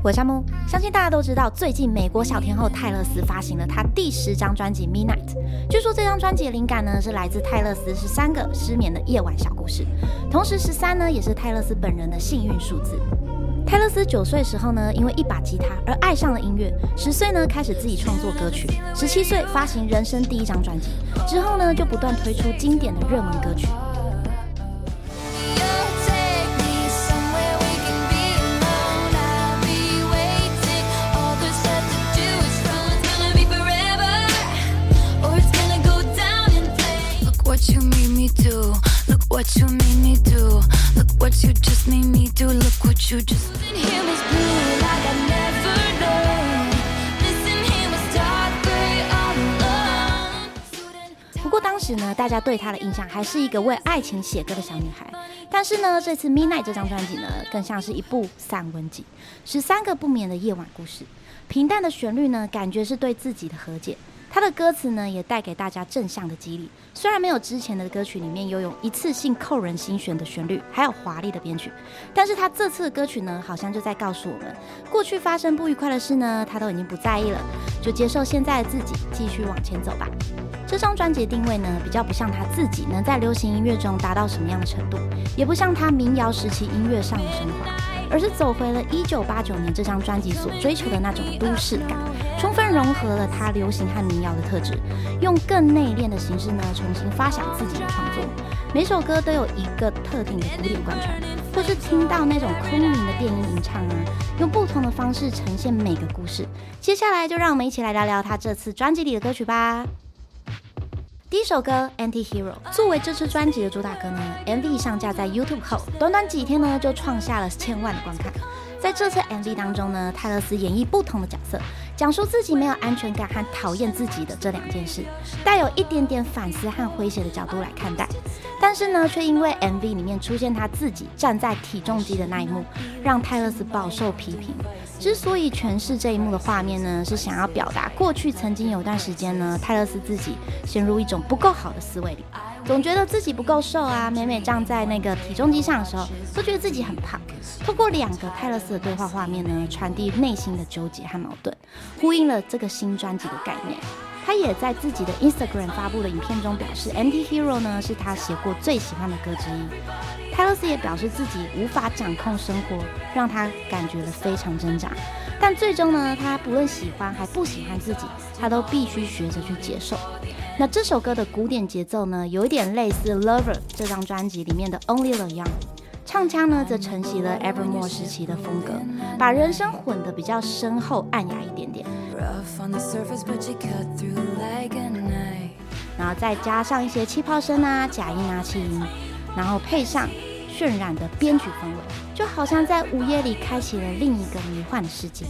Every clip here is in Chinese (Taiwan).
我是夏慕，相信大家都知道，最近美國小天后泰勒斯發行了他第十張專輯《Midnight》。據說這張專輯的靈感呢是來自泰勒斯十三個失眠的夜晚小故事。同時13呢，十三呢也是泰勒斯本人的幸運數字。泰勒斯九歲時候呢，因為一把吉他而愛上了音樂；十歲呢開始自己創作歌曲；十七歲發行人生第一張專輯之後呢，就不斷推出經典的熱門歌曲。不過當時呢，大家對她的印象還是一個為愛情寫歌的小女孩。但是呢，這次《Midnights》這張專輯呢，更像是一部散文集，《十三個不眠的夜晚》故事，平淡的旋律呢，感覺是對自己的和解。他的歌詞呢，也帶給大家正向的激勵。雖然沒有之前的歌曲裡面擁有，有一次性扣人心弦的旋律，還有華麗的編曲，但是他這次的歌曲呢，好像就在告訴我們，過去發生不愉快的事呢，他都已經不在意了，就接受現在的自己，繼續往前走吧。這張專輯的定位呢，比較不像他自己能在流行音樂中達到什麼樣的程度，也不像他民謠時期音樂上的升華，而是走回了1989年這張專輯所追求的那種都市感。充分融合了他流行和民謠的特質，用更內斂的形式呢，重新發想自己的創作。每首歌都有一個特定的古典貫穿，或是聽到那種空靈的電音吟唱啊，用不同的方式呈現每個故事。接下來就讓我們一起來聊聊他這次專輯裡的歌曲吧。第一首歌《Anti Hero》作為這次專輯的主打歌呢，MV 上架在 YouTube 後，短短幾天呢就創下了千萬的觀看。在這次 MV 當中呢，泰勒斯演繹不同的角色。講述自己沒有安全感和討厭自己的這兩件事，帶有一點點反思和詼諧的角度來看待。但是呢，卻因為 MV 裡面出現他自己站在體重機的那一幕，讓泰勒絲飽受批評。之所以詮釋這一幕的畫面呢，是想要表達過去曾經有段時間呢，泰勒絲自己陷入一種不夠好的思維裡，總覺得自己不夠瘦啊。每每站在那個體重機上的時候，都覺得自己很胖。透過兩個泰勒斯的對話畫面呢，傳遞內心的糾結和矛盾，呼應了這個新專輯的概念。他也在自己的 Instagram 發布的影片中表示，《Anti Hero》呢是他寫過最喜歡的歌之一。泰勒斯也表示自己無法掌控生活，讓他感覺了非常掙扎。但最終呢，他不論喜歡還不喜歡自己，他都必須學着去接受。那這首歌的古典節奏呢，有一點類似《Lover》這張專輯裡面的 Only the Young《Only》一樣。唱腔呢，則承襲了 Evermore 時期的風格，把人聲混得比較深厚，暗啞一點點，然後再加上一些氣泡聲啊、假音啊、氣音，然後配上渲染的編曲氛圍，就好像在午夜裡開啟了另一個迷幻的世界。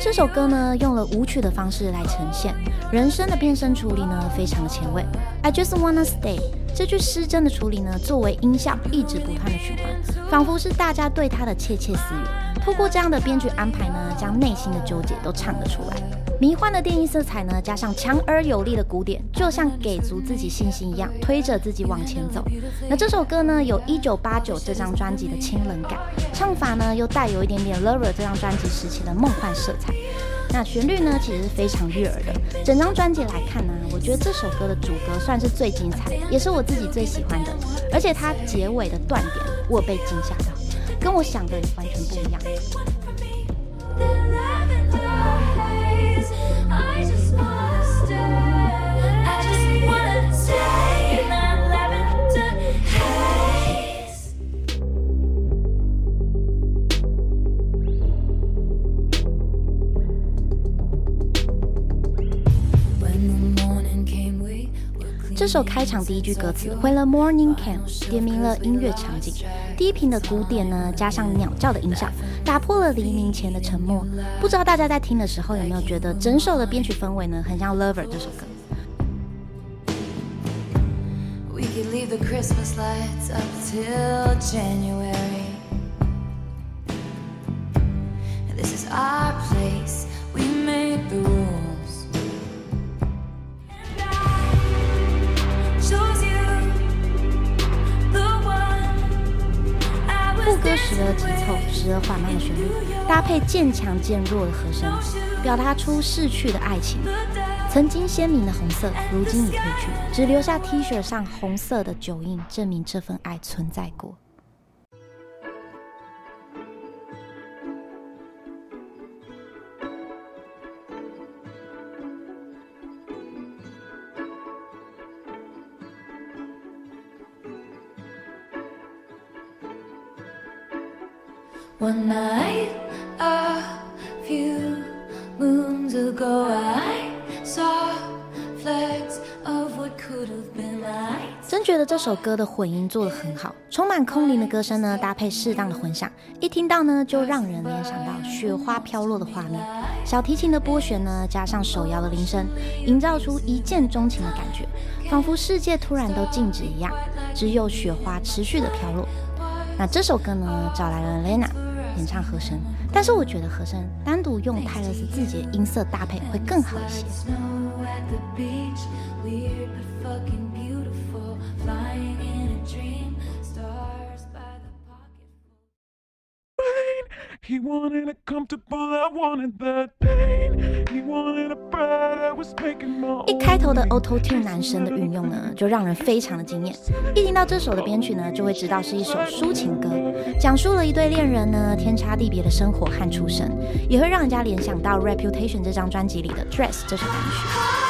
這首歌呢，用了舞曲的方式來呈現，人聲的變聲處理呢，非常的前衛。I just wanna stay 這句失真的處理呢，作為音效一直不斷的循環，仿佛是大家對他的竊竊私語。透過這樣的編曲安排呢，將內心的糾結都唱了出來。迷幻的電音色彩呢，加上強而有力的鼓點，就像給足自己信心一樣，推着自己往前走。那這首歌呢，有一九八九這張專輯的清冷感，唱法呢又帶有一點點 Lover 這張專輯時期的夢幻色彩。那旋律呢，其實是非常悅耳的。整張專輯來看呢，我覺得這首歌的主歌算是最精彩，也是我自己最喜歡的。而且它結尾的斷點，我被驚嚇到，跟我想的也完全不一樣。這首開場第一句歌詞 When the morning comes，點明了音樂場景。低頻的鼓點呢，加上鳥叫的音效，打破了黎明前的沉默。不知道大家在聽的時候有沒有覺得整首的編曲氛圍呢，很像 Lover 這首歌。時而急促，時而緩慢的旋律，搭配漸強漸弱的和聲，表達出逝去的愛情。曾經鮮明的紅色，如今已褪去，只留下 T 恤上紅色的酒印，證明這份愛存在過。one night a few moons ago i saw f l e c t s of what could have been like 真覺得這首歌的混音做得很好，充滿空靈的歌聲呢，搭配適當的混響，一聽到呢，就讓人聯想到雪花飄落的畫面，小提琴的撥弦呢，加上手搖的鈴聲，營造出一見鍾情的感覺，仿佛世界突然都靜止一樣，只有雪花持續的飄落。那這首歌呢，找來了 Lena。演唱和聲，但是我覺得和聲單獨用泰勒斯自己的音色搭配會更好一些。 一開頭的 Auto-Tune 男聲的運用呢，就讓人非常的驚艷。一聽到這首的編曲呢，就會知道是一首抒情歌，講述了一對戀人呢天差地別的生活和出身，也會讓人家聯想到 Reputation 這張專輯裡的 Dress 這首單曲。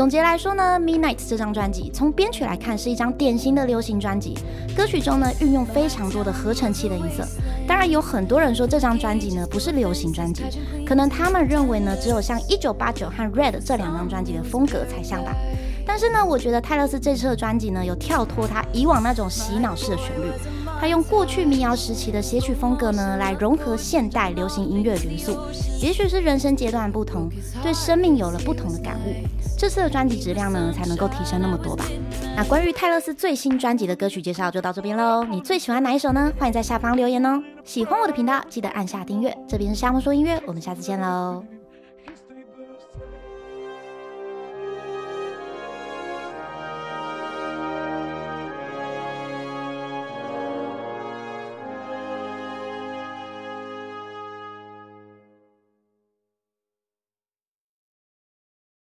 總結來說呢，《Midnight》這張專輯從編曲來看是一張典型的流行專輯，歌曲中呢運用非常多的合成器的音色。當然有很多人說這張專輯呢不是流行專輯，可能他們認為呢只有像《1989》和《Red》這兩張專輯的風格才像吧。但是呢，我覺得泰勒斯這次的專輯呢有跳脫他以往那種洗腦式的旋律。他用過去民謠時期的寫曲風格呢，來融合現代流行音樂元素，也許是人生階段不同，對生命有了不同的感悟，這次的專輯質量呢才能夠提升那麼多吧。那關於泰勒絲最新專輯的歌曲介紹就到這邊嘍，你最喜歡哪一首呢？歡迎在下方留言哦。喜歡我的頻道，記得按下訂閱。這邊是夏慕說音樂，我們下次見嘍。